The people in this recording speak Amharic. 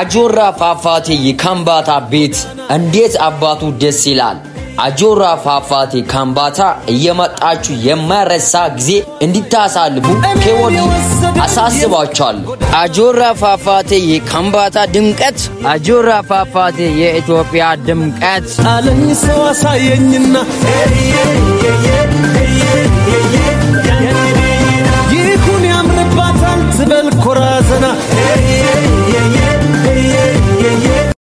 አጆራ ፏፏቴ የካምባታ ቤት እንዴት አባቱ ደስ ይላል! አጆራ ፏፏቴ ካምባታ እየመጣችሁ የማይረሳ ጊዜ እንድታሳልፉ ከወዲሁ አሳስባችኋለሁ። አጆራ ፏፏቴ የካምባታ ድምቀት፣ አጆራ ፏፏቴ የኢትዮጵያ ድምቀት አለኝ ሰው አሳየኝና